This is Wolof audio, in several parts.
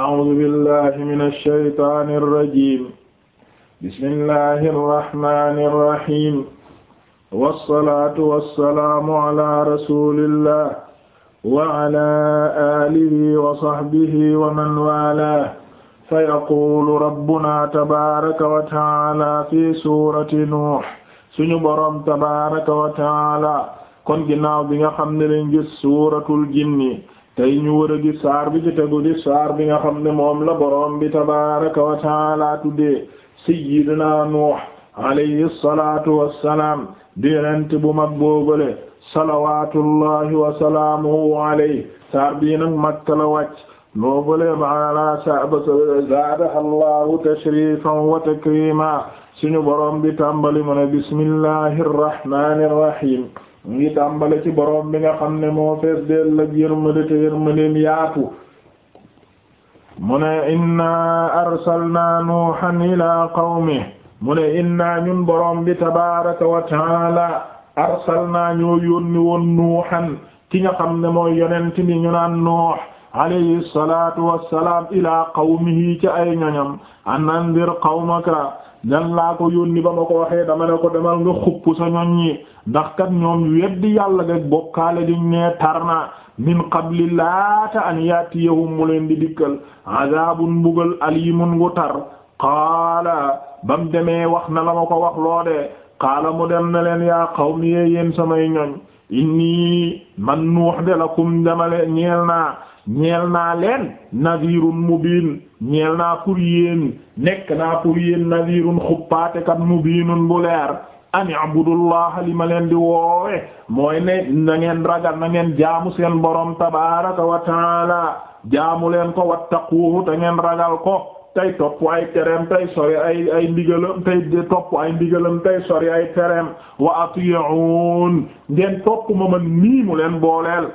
أعوذ بالله من الشيطان الرجيم بسم الله الرحمن الرحيم والصلاة والسلام على رسول الله وعلى آله وصحبه ومن والاه فيقول ربنا تبارك وتعالى في سورة نوح suñu boroom tabaraka wa taala kon ginnaaw bi nga xam ne leen gis suuratul jinni tey ñu war a gis saar bi ci tegu saar bi nga xam ne moom la boroom bi tabaaraka wa taala tuddee sayyidina Nuux alayhi salaatu wassalaam di yonent bu mag boobale salawaatullahi wa salaamuhu alayhi saar bii nag Makka la wàcc boobale maana zaadaha Allahu tashrifan wa takrima suñu boroom bi tàmbali mu ne bismillahir rahmanir rahim mu ngi tàmbale ci boroom bi nga xam ne moo fees dell ak yërmande te yërmandeem yaatu mu ne inna arsalna nuuhan ila qawmi mu ne inna ñun borom bi tabaraka wa taala arsalna ñoo yónni woon nuuhan ki nga xam ne mooy yonent bi ñu naan nuux alayhi salaatu wassalaam ilaa qawmihi ci ay ñoñam an andir qawmaka dan laa ko yónni ba ma ko waxee dama ne ko demal nga xupp sa ñoñ ñi ndax kat ñoom weddi yàlla gag bokkaale diñ nee tar na min qabli laata an yaatiyahum mu leen di dikkal azabun mbugal alimun gu tar qaala bam demee wax na la ma ko wax loo de qaala mu dem na leen yaa qawmi yee yéen samay ñoñ inni man nuux de lakum damale ñeel naa ñeel naa leen nadirun mubin ñeel naa pour yéen nekk naa pour yéen nadirun xuppaatekat mubinun bu leer ani abudullah li ma leen di woowe mooy ne na ngeen ragal na ngeen jaamu seen borom tabaraka wa taala jaamu leen ko wattaquhu te ngeen ragal ko tey topp ay tereem tey sori ay ay ndigalam tey topp ay ndigalam tey sori ay tereem wa ati'un ngeen topp ma man nii mu leen booleel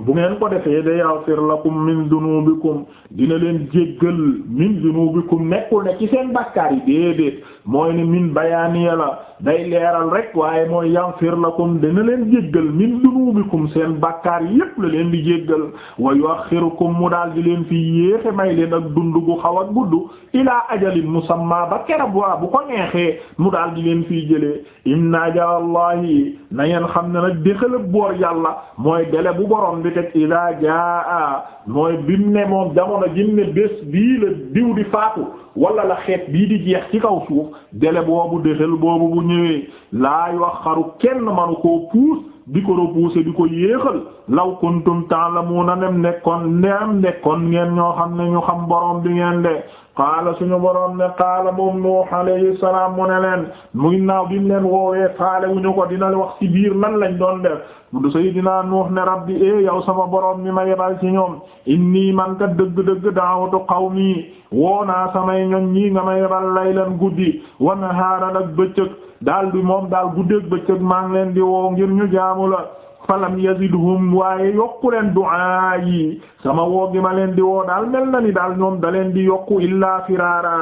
bu ngeen ko defee da yaghfir lakum min dunubikum dina leen jéggal min dunubikum nekkul ne ci seen bakkaar yi déedéet mooy ne min bayaaniya la day leeral rek waaye mooy yaghfir lakum dina leen jéggal min dunubikum seen bàkkaar yépp la leen di jéggal wa yuakhirukum mu daal di leen fi yéexe may leen ak dund bu xaw ak gudd ilaa ajalin musamma ba kerab waa bu ko neexee mu daal di leen fiy jëlee inna jalallahi na ngeen xam ne nag déxalab boor yàlla mooy dele bu ci teg idaa jaa mooy bim ne moom jamono jim ne bés bii la diw di faatu wala la xeet bii di jeex ci kaw suuf dele boobu déxel boobu bu ñëwee laa wax xaru kenn manu koo puus di ko repousser di ko yéexal law kuntum ta'lamuna nem nekkoon nem nekkoon ngeen ñoo xam ne ñu xam borom bi ngeen de qaala suñu boroom ne qaala moom Nuux alayhi salaam mu ne leen muy naaw bi leen woowee faale wu ñu ko dina wax ci biir nan lañ doon def du Seydina Nuux ne rabbi e yow sama boroom mi ma yebal ci ñoom inni man kat dëgg-dëgg daawatu qawmi woonaa samay ñoom ñii nga ma yebal leen guddi wa nahaaran ak bëccëg daal di moom daal guddeeg bëccëg maa ngi leen di woo ngir ñu jaamula falam yazidhum waaye yokku leen du'a yi sama woo gi ma leen di woo daal mel na ni daal ñoom da leen di yokku illaa firaara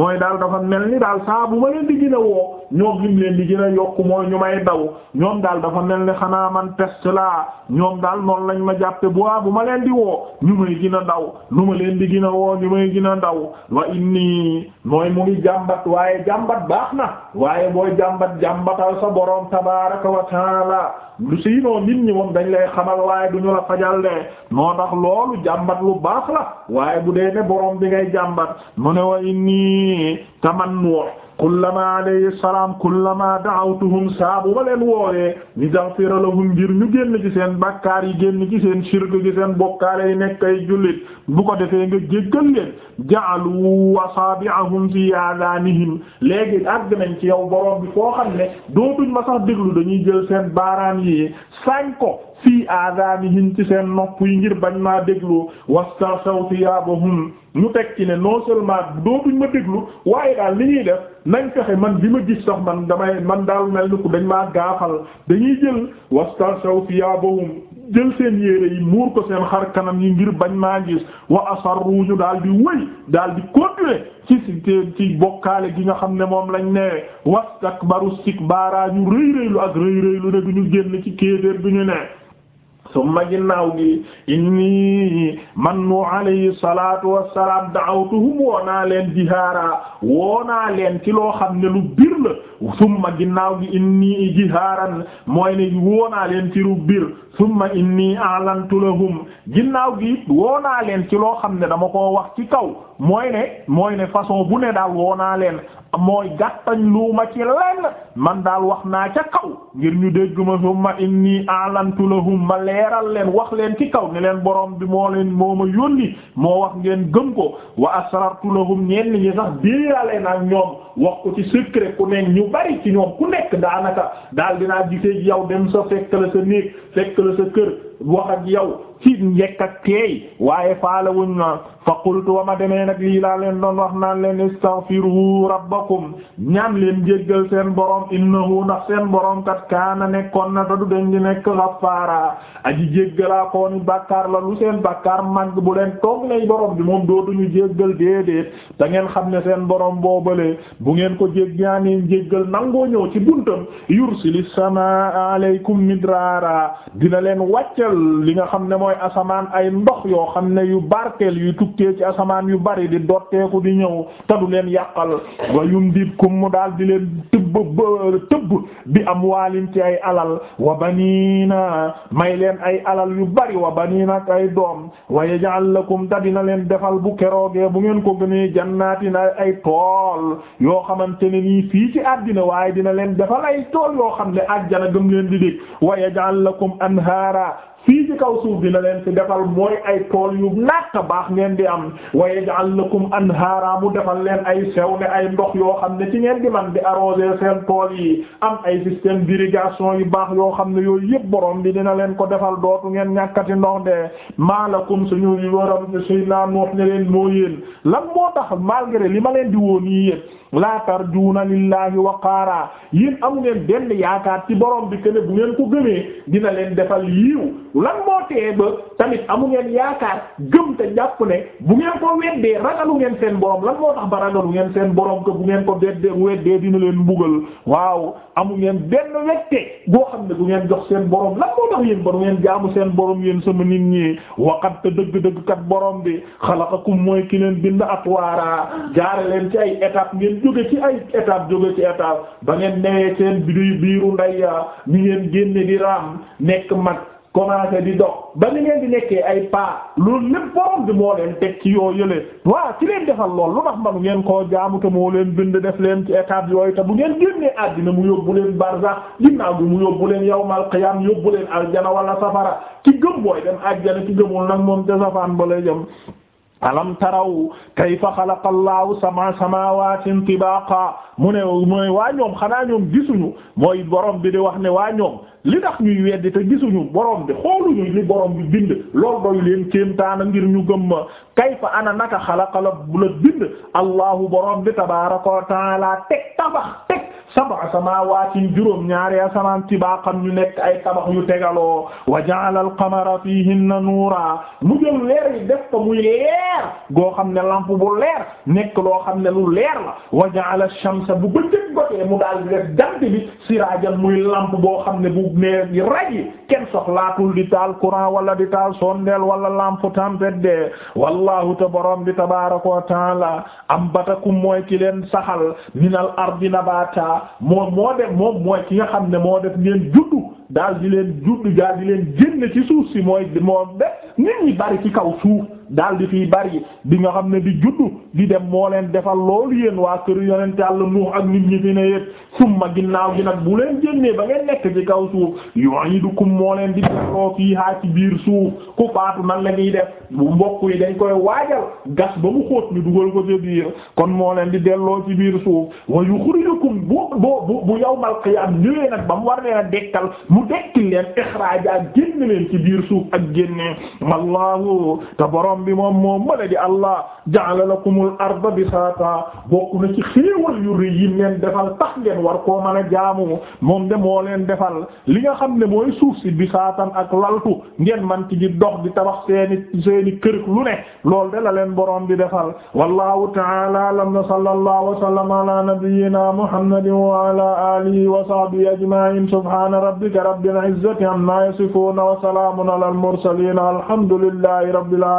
mooy daal dafa mel ni daal saa bu ma leen di gën a woo ñoom lim leen di gën a yokk mooy ñu may daw ñoom daal dafa mel ni xanaa man peste laa ñoom daal noonu lañ ma jàppe bu waa bu ma leen di woo ñu may gën a daw nu ma leen di gën a woo ñu may gën a ndaw wa inni mooy mu ngi jàmbat waaye jàmbat baax na waaye booy jàmbat jàmbatal sa boroom tabaaraka wa lu si noo nit moom dañ lay xamal waaye du ñu la fajal de noo tax loolu jàmbat lu baax la waaye bu dee ne boroom bi ngay jàmbat mu ne wa inni tamannu kullama alayhi salaam kullama da'awtuhum saabu ba leen woowee ni taghfira lahum ngir ñu génn ci seen bakkaar yi génn ci seen shirk ci seen bokkaale yi nekk ay jullit bu ko defee nga jéggal leen ja'alu asaabi'ahum fi aadanihim léegi àgg nañ ci yow borom bi foo xam ne dootuñ ma sax déglu dañuy jël seen baaraan yi sañ ko fii aadaanihim ci seen nopp yi ngir bañ maa déglu wastasaw thiyaabahum ñu teg ci ne non seulement dootuñ ma déglu waaye daal li ñuy def nañ fexe man bi ma gis sax man damay man daal mel ni ku dañ maa gaafal dañuy jël wastasaw thiyaabahum jël seen yére yi muur ko seen xar kanam yi ngir bañ maa gis wa asarru ñu daal di wëy daal di continuer ci ci bokkaale gi nga xam ne moom lañ ne wastakbaru istikbaara ñu rëy rëylu ak rëy rëylu ne duñu génn ci kéeféer duñu ne summa ginnaaw gi inni man nu alayhi salatu wassalam da'awtuhum woo naa leen jihaara woo naa leen ci loo xam ne lu bir la summa ginnaaw gi inni jihaaran mooy naa leen ci lu bir summa inni a'lantu ginnaaw gi it naa leen ci loo xam ne dama ko wax ci kaw mooy ne mooy ne bu ne daal woo naa leen mooy gàttañ lu ma ci lenn man daal wax naa ca kaw ngir ñu dégg ma summa inni a'lantu lahum ma leeral leen wax leen ci kaw ne leen borom bi moo leen moo ma yónni moo wax ngeen gëm ko wa asrartu lahum ñenn ñi sax biirale nag ñoom wax ko ci secret ku ne ñu bari ci ñoom ku nekk daanaka daal dinaa gisee yow dem sa fekk la sa néeg fekk la sa kër wax ak yow ci njekk ak teey waaye faala wuñ na fa qultu wa ma demee nag lii laa leen doon wax naan leen istaghfiru rabbakum ñaan leen jéggal seen borom innahu ndax seen borom kat kaana nekkoon na du den di nekk ghaffara aji jéggalaa kooni bàkkaar la lu seen bàkkaar màgg bu leen toog nay borom bi moom dootuñu jéggal déedéet da ngeen xam ne seen borom boobale bu ngeen ko jéggaaneen jéggal nangoo ñëw ci buntam yursilis samaa alaykum midraara wàccal li nga xam ne mooy asamaan ay ndox yoo xam ne yu barkeel yu tukkee ci asamaan yu bari di dotteeku di ñëw te du leen yàqal wa yumdidkum mu daal di leen tëbb tëbb bi am waalin ci ay alal wa baniina may leen ay alal yu bari wa baniina ak ay doom wa yaj'al lakum te dina leen defal bu keroogee bu ngeen ko gënee jannaatin ay tool yoo xamante ne nii fii ci àddina waaye dina leen defal ay tool yoo xam ne àjjana gëm leen di dégg wa yaj'al lakum anhaara fii ci kaw suuf dina leen fi defal mooy ay tool yu natta baax ngeen di am wa yaj'al lakum anhaara mu defal leen ay sew ne ay ndox yoo xam ne ci ngeen di man di arroser seen tool yi am ay système d'irrigation yu baax yoo xam ne yooyu yëpp borom bi dina leen ko defal dootu ngeen ñàkkati ndox de maalakum suñu yoram suy naa noox ne leen moo yéen lan moo tax malgré li ma leen di woon yii yëpp laa tarjuuna lillaahi waqaara yéen amu ngeen benn yaakaar ci borom bi que ne bu ngeen ko gëmee dina leen defal yiiw lan wootee ba tamit amu ngeen yaakaar gëm te jàpp ne bu ngeen ko weddee ragalu ngeen seen borom lan moo tax ba ragalu ngeen seen borom que bu ngeen ko weddee weddee dina leen mbugal waaw amu ngeen benn wette boo xam ne bu ngeen jox seen boroom lan moo tax yéen ba du ngeen jaamu seen borom yéen sama nit ñi waxat te dëgg-dëgg kat borom bi xalaqakum mooy ki leen bind atwaara jaare leen ci ay étape ngeen jóge ci ay étape jóge ci étape ba ngeen newee seen biiru biiru ndey ya commencé di dox ba ni ngeen di nekkee ay pas loolu lépp borom bi moo leen teg ci yoo yële waaw ci leen defal lool lu tax manu ngeen koo jaamu te moo leen bind def leen ci étape yooyu te bu ngeen génnee àddina mu yóbbu leen barzax ginnaaw bi mu yóbbu leen yawmal qiyaam yóbbu leen aljana wala safara ci gëm booy dem àjjana ci gëmul nag moom te safaan ba lay jëm alam taraw kayfa xalaqa allahu sama samawaatin tibaaqa mu ne mooy waa ñoom xanaa ñoom gisuñu mooy borom bi di wax ne waa ñoom li tax ñuy weddi te gisuñu borom bi xooluñu li borom bi bind loolu doy leen kéemtaana ngir ñu gëm ma kayfa ana naka xalaqa la bind allahu borom bi tabaaraka wa taala teg tabax teg sab'a samawaatin juróom ñaari asamaan tibaaqan ñu nekk ay tabax yu tegaloo wa ja'ala al-qamara fiihinna nuura mu jël leer yi def ko muy leer goo xam ne lampe bu leer nekk loo xam ne lu leer la wa ja'ala ash-shamsa bu bëccëg gotee mu daal def jant bi siraajan muy lampe boo xam ne bu nee di raji kenn soxlaatul di taal courant wala di taal sondeel wala lampe tempête de wallahu te borom bi tabaaraka wa taala ambatakum mooy ki leen saxal minal ardi nabata moom moo ki nga ne moo def ngeen juddu daal di leen juddu daal leen génn ci suuf si mooy moom de nit ñi bari ci kaw daal di fiy bari di nga xam ne di juddu di dem moo leen defal loolu yéen waa kër yonent Yàlla Nuux ak nit ñi fi ne yépp summa ginnaaw gi nag bu leen génnee ba ngeen nekk ci kaw suuf yu'idukum moo leen di delloo fii haa ci biir suuf ku faatu nan la ñuy def bu mbokk yi dañ koy waajal gas ba mu xóot ñu dugal ko ci biir kon moo leen di delloo ci biir suuf wa yukhrijukum bu bu bu yawmal qiyaam ñëwee nag ba mu war leen a dekkal mu dekkil leen ixraaja génn leen ci biir suuf ak génne borom bi moom moom mala di allah ja'ala lakumul arda bisata bokk na ci xéewal yu rëy yim leen defal tax ngeen war koo mën a jaamu moom de moo leen defal li nga xam ne mooy suuf si bisaatan ak laltu ngeen man ci di dox di tabax seeni seeni kër lu ne lool de la leen borom bi defal wallahu ta'ala alam na sallallahu wa sallama ala nabiyyina muhammadin wa ala alihi wa sahbihi ajma'in subhana rabbika rabbil izzati amma yasifun wa salamun ala al mursalin alhamdulillahi rabbil alamin